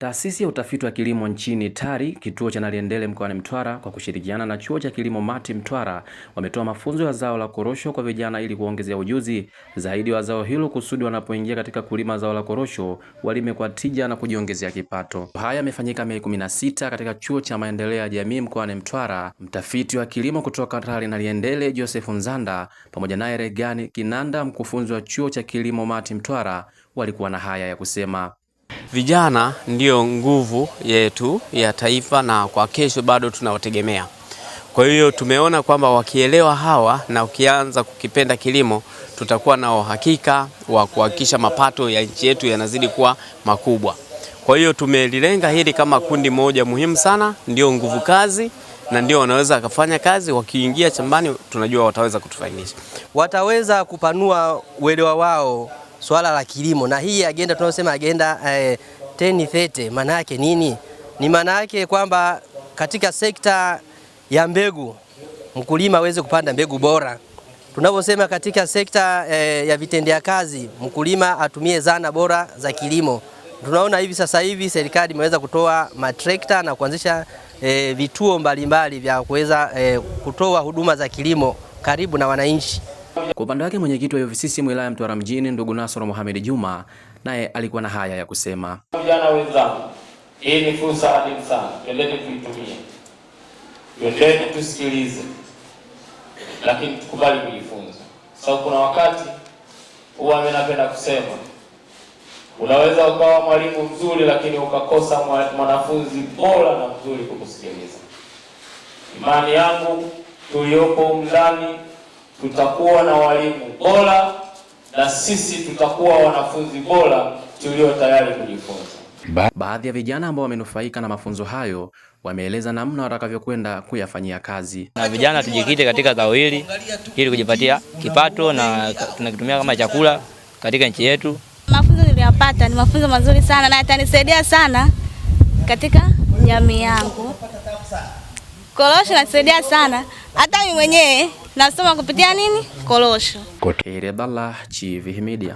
Taasisi ya Utafiti wa Kilimo nchini TARI kituo cha Naliendele mkoani Mtwara kwa kushirikiana na Chuo cha Kilimo MATI Mtwara wametoa mafunzo ya zao la korosho kwa vijana ili kuongezea ujuzi zaidi wa zao hilo kusudi wanapoingia katika kulima zao la korosho walime kwa tija na kujiongezea kipato. Haya yamefanyika Mei 16 katika Chuo cha Maendeleo ya Jamii mkoani Mtwara. Mtafiti wa kilimo kutoka TARI Naliendele Joseph Nzanda pamoja naye Regani Kinanda mkufunzi wa Chuo cha Kilimo MATI Mtwara walikuwa na haya ya kusema. Vijana ndiyo nguvu yetu ya taifa na kwa kesho bado tunawategemea. Kwa hiyo tumeona kwamba wakielewa hawa na ukianza kukipenda kilimo, tutakuwa na uhakika wa kuhakikisha mapato ya nchi yetu yanazidi kuwa makubwa. Kwa hiyo tumelilenga hili kama kundi moja muhimu sana, ndio nguvu kazi na ndio wanaweza wakafanya kazi. Wakiingia chambani tunajua wataweza kutufainisha wataweza kupanua uelewa wao swala la kilimo, na hii agenda tunayosema agenda eh, 1030 maana yake nini? Ni maana yake kwamba katika sekta ya mbegu mkulima aweze kupanda mbegu bora. Tunavyosema katika sekta eh, ya vitendea kazi mkulima atumie zana bora za kilimo. Tunaona hivi sasa hivi serikali imeweza kutoa matrekta na kuanzisha E, vituo mbalimbali mbali vya kuweza e, kutoa huduma za kilimo karibu na wananchi. Kwa upande wake mwenyekiti wa UVCCM wilaya Mtwara mjini ndugu Nasoro Mohamed Juma naye alikuwa na haya ya kusema. Vijana wenzangu, hii ni fursa adimu sana, twendeni kuitumia, twendeni tusikilize, lakini tukubali kujifunza, sababu kuna wakati huwa mimi napenda kusema unaweza ukawa mwalimu mzuri lakini ukakosa mwanafunzi bora na mzuri kukusikiliza. Imani yangu tuliopo ndani tutakuwa na walimu bora na sisi tutakuwa wanafunzi bora tulio tayari kujifunza. Ba baadhi ya vijana ambao wamenufaika na mafunzo hayo wameeleza namna watakavyokwenda kuyafanyia kazi. Na vijana tujikite katika zao hili ili kujipatia kipato na tunakitumia kama chakula katika nchi yetu. Mafunzo niliyopata ni mafunzo mazuri sana na yatanisaidia sana katika jamii yangu. Korosho nasaidia sana hata mimi mwenyewe nasoma kupitia nini korosho. Iridallah, Chivihi Media.